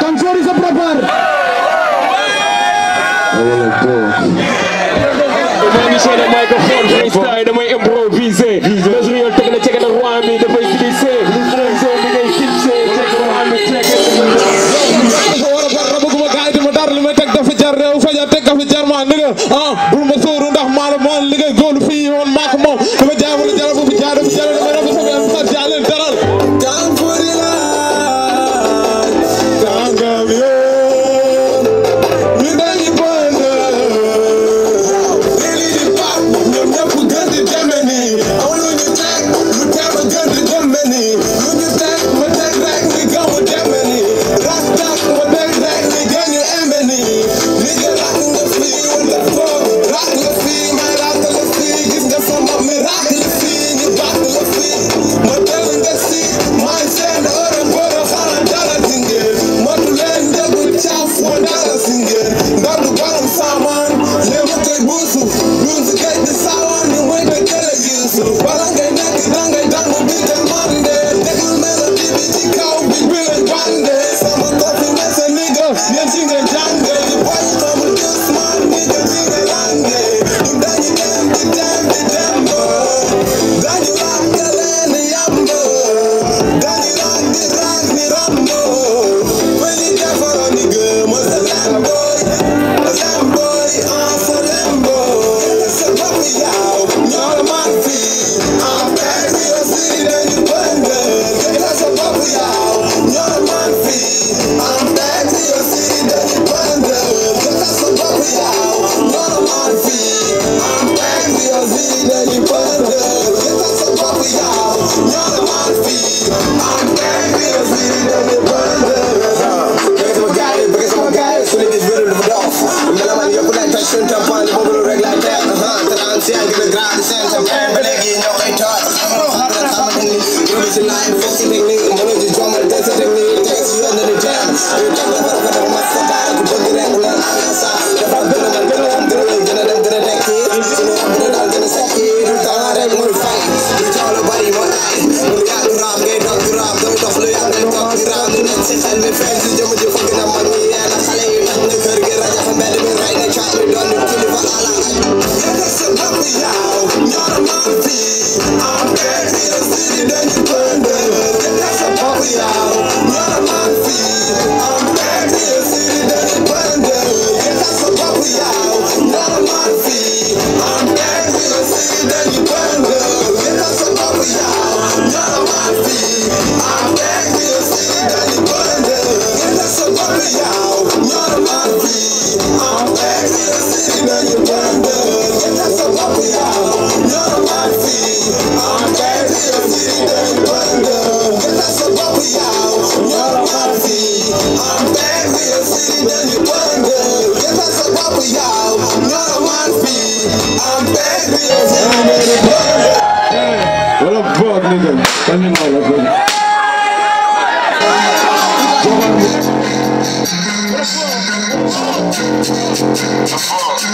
Tanchori se prepara. I want to go. I'm going to show the microphone freestyle. I'm going to Come on.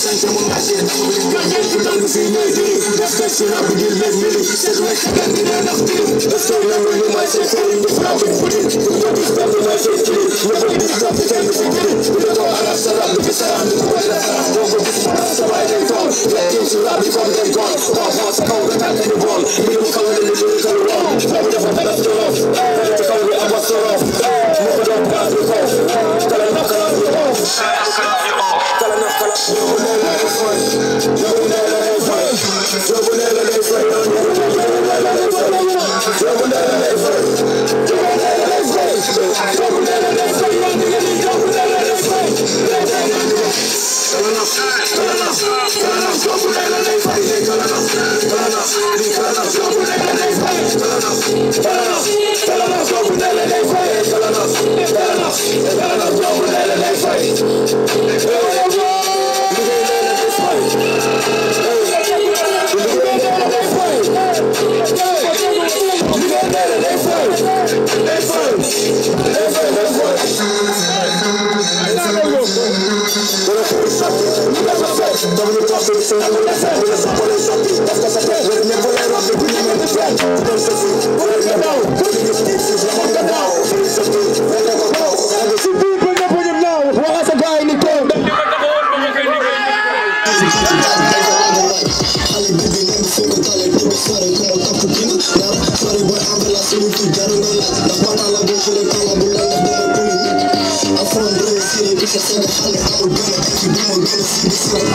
I'm the not I'm not. I'm not I'm not I'm you, are the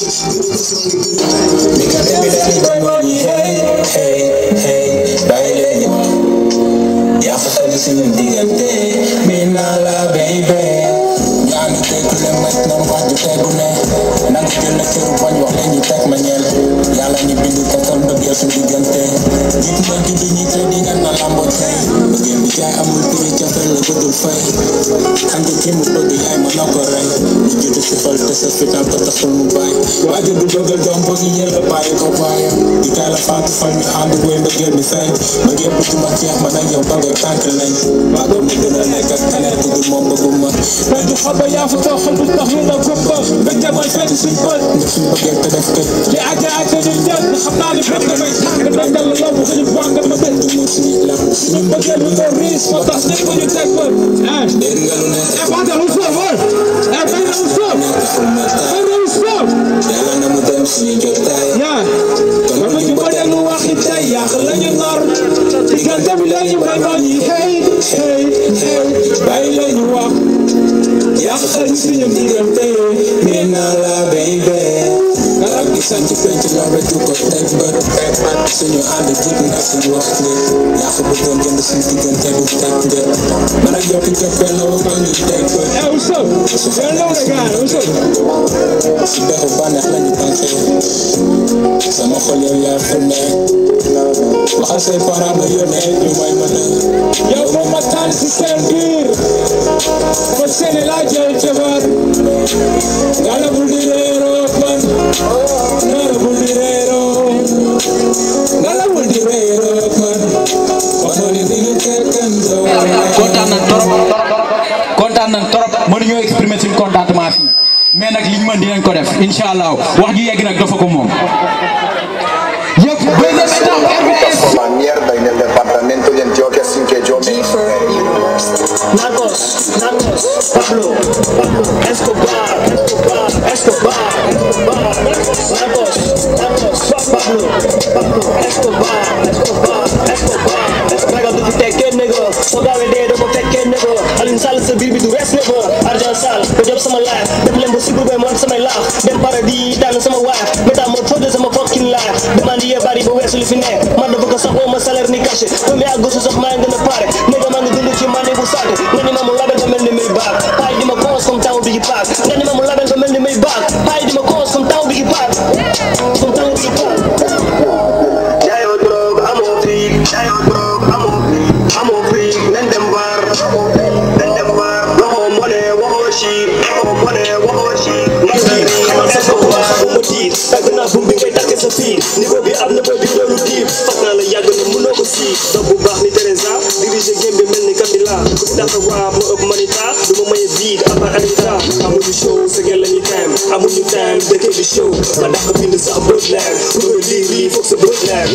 I'm gonna to the lan ci gën a kër bañ wax leen ñu teg ma ñeel yàlla ñu bind ko kon bëggee su diggante nit ma judd ñi te di nga na lambo tey bëggeen bi jaay amul turi jafel la bëggul fay xam nga ki mu bëgg yaay ma noo ko rey ñu judd si xol te du bëggal doom ko ñu yël bàyyi ko bàyyi di taal a faatu fan ñu ànd wéy mbëggeel bi fay mbëggeel bu juma jeex ma nag yow bëgg tànk lañ waa ko mu gën a nekk ak kaneel bëggul moom bëggul ci bët li aja aja di jël xam naa ni bët damay tàng damay dal loolu suñu bànq ma bët suñu bëggee lu ko riis moo tax ñëpp ñu teg bët eh Sente pente la rek du ko teg bët suñu ànd jub na suñu wax lépp yaa ko bëggoon jënd suñu diggante bu teg bët eh, man ak yow ki jëppee la woo ñu teg bët su bexu bànneex lañu tànkee sama xol yow yaa fa nekk waxal say parents ma yónnee ñu may ma ne yow moom ma tànn si seen biir ba seen laa jël jabar gàllagul di réeroo man incha allah wax ju yegg nag dafa ko moom. biggie pack. Kani ma mulagan ka mende may bag. Hay di ma cause kung tao biggie pack. biggie pack. Jayo drog, I'm on peak. Jayo drog, I'm on peak. I'm on peak. Nendem bar. Nendem bar. Waho sheep. Waho mone, waho sheep. Masiri, masako wa. Umutir. Kagana bumbi may takis a feed. Nigo bi ab na baby no lukim. Fakala yago na muno ko si. Dobu bah ni Teresa. Dirige game bi mel ni Kabila. Kusta ka wa. I'm on the show, segala hitam Amuji time, the TV show Madak kapinda sa Brooklyn Ruri Lee, Fox Brooklyn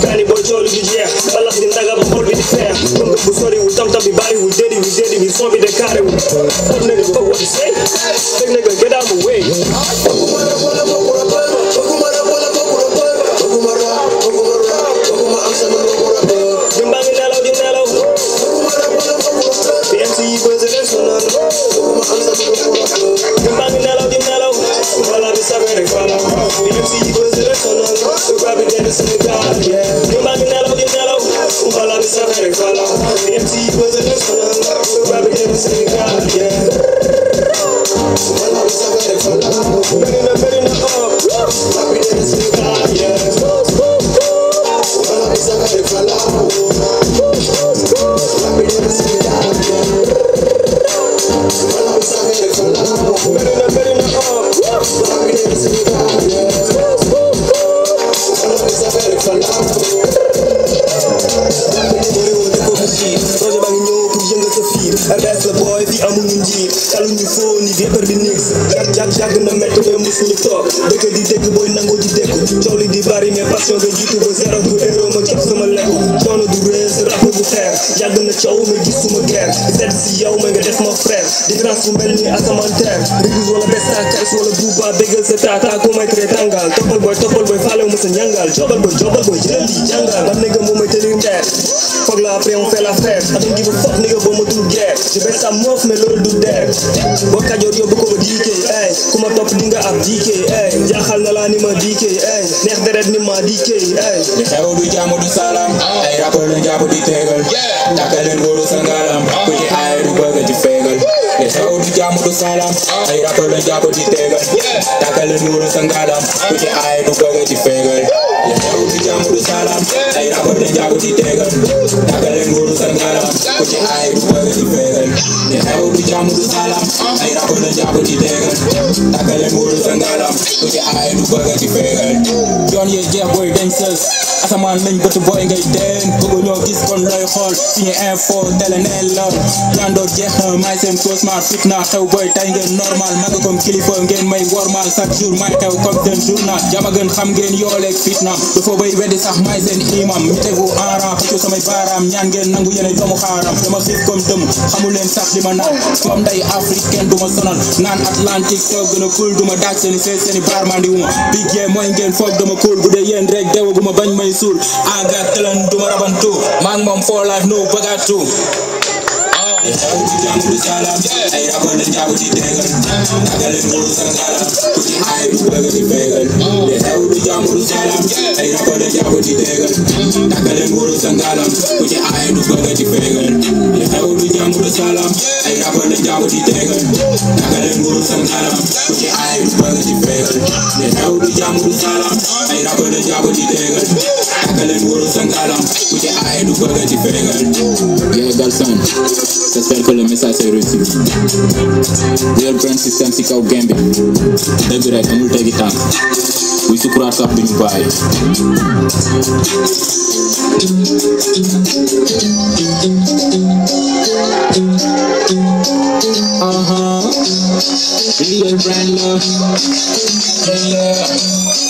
Kani boy jolly DJ Balas din taga ba hol bidi fair Tunga busori u tam tam bibari we did it we did it we saw me the car Fuck nigga fuck what you say Fuck nigga get out of the way amuñu njiit xaluñu foo ni di organise yàgg yàgg yàgg na métti ba musuñu toog dëkk di dégg booy nangu di dégg coow li di bari mais passion nga jiitu ba zéro bu héro ma jox sama lekk coono du rees rap bu xeer yàgg na coow ma gis suma guerre seet si yow ma nga def ma frère différence bu mel ni asamaan terre rigis wala besta kars wala buuba bégal sa tata ko may tere tàngal toppal booy toppal booy faale mu sa ñàngal jobal booy jobal a sa moof me loolu du dee boo kajoor yóbbu ko ba diike ey ku ma topp dinga ab diike ey jaaxal na laa ni ma diike ey neex deret ni ma diike ey li xew du jaamu du salaam ay rappeur lu jàpp di tegal tàkkaleen góoru sa ngaalam uh-huh. ku ci aay du bëgg di feegal li xew du jaamu du salaam ay rappeur lu jàpp di tegal tàkkaleen góoru sa ngaalam ku ci aay du bëgg di feegal li xew du jaamu du salaam ay rappeur lu jàpp di tegal tàkkaleen góoru sa ngaalam ku ci aay du bëgg di feegal the hell jaamu du salaam ay rab la jaabu ci tegal tàggaleen wóor sa ngalam ku ci aay du lañ bët booy ngay teen xool suñu info tele ne lor landoo jeex na may seen cosmar fitna xew booy tay ngeen jour may xew comme seen journal jama dëmm xamu sax li comme nday africaine duma sonal naan atlantique soo gën a cool duma daaj seeni fees seeni barmandi wuma big yee mooy ngeen foog dama cool bu dee yéen rek bañ may suul enga tëlan duma rabantu maa ngi moom foo laaj noo bagaatu I'm with Salam. Hey, I put the job with the dagger. I got them good sometime. But your eyes, brother, she failed. They know the job with Salam. Hey, I put the job with the dagger. I got them good sometime. But your eyes, brother, she failed. Yeah, garçon. J'espère que le message est reçu. Dear Grand System, c'est qu'au Gambia. Début, on nous t'a guitare. Oui, c'est pour la table, une paille. Thank you. a brand love, brand love.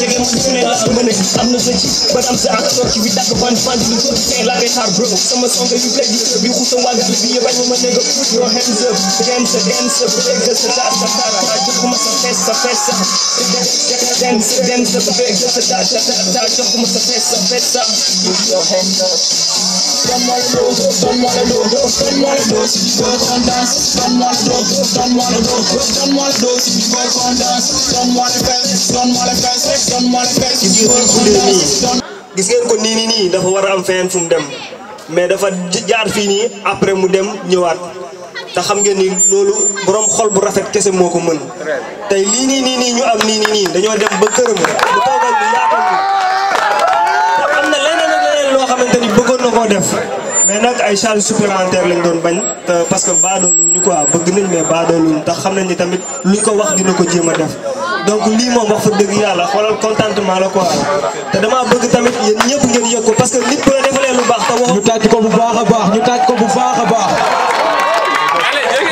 Check it, tuning us a minute. I'm not a but I'm saying I you with that one fun. You talk saying like it's hard, bro. Some song that you play, you should be who someone to be a right woman, nigga. Put your hands up, dance, dance, break the sadat, satara. I took my surface, surface. Dance, dance, break the sadat, sadat. I took my surface, surface. Put your hands up. Don't wanna know, don't wanna know, don't wanna know. If you work on dance, don't wanna know, don't wanna know, don't wanna know. If you work on dance, don't wanna fast, don't wanna fast. gis ngeen ko nii ni nii dafa wara am feneen fu dem mais dafa jaar fi ni après mu dem ñewat ta xam ngeen ni lolu borom xol bu rafet kesse moko ko mën tey lii ni ni ñu am ni ni ni dañu dem ba kërëm bu togal bu yaatal am na leneen ak leneen lo xamanteni ni bëggoon na koo def mais ay lañ doon bañ te parce que quoi bëgg nañ mais xam nañ ni tamit ko wax dina ko def donc wax fa contentement la quoi nit bu la lu wax ñu ko bu baax ñu ko bu baax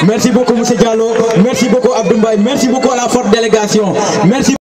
merci beaucoup monsieur Diallo merci beaucoup Abdoumbaye. merci beaucoup à la forte délégation merci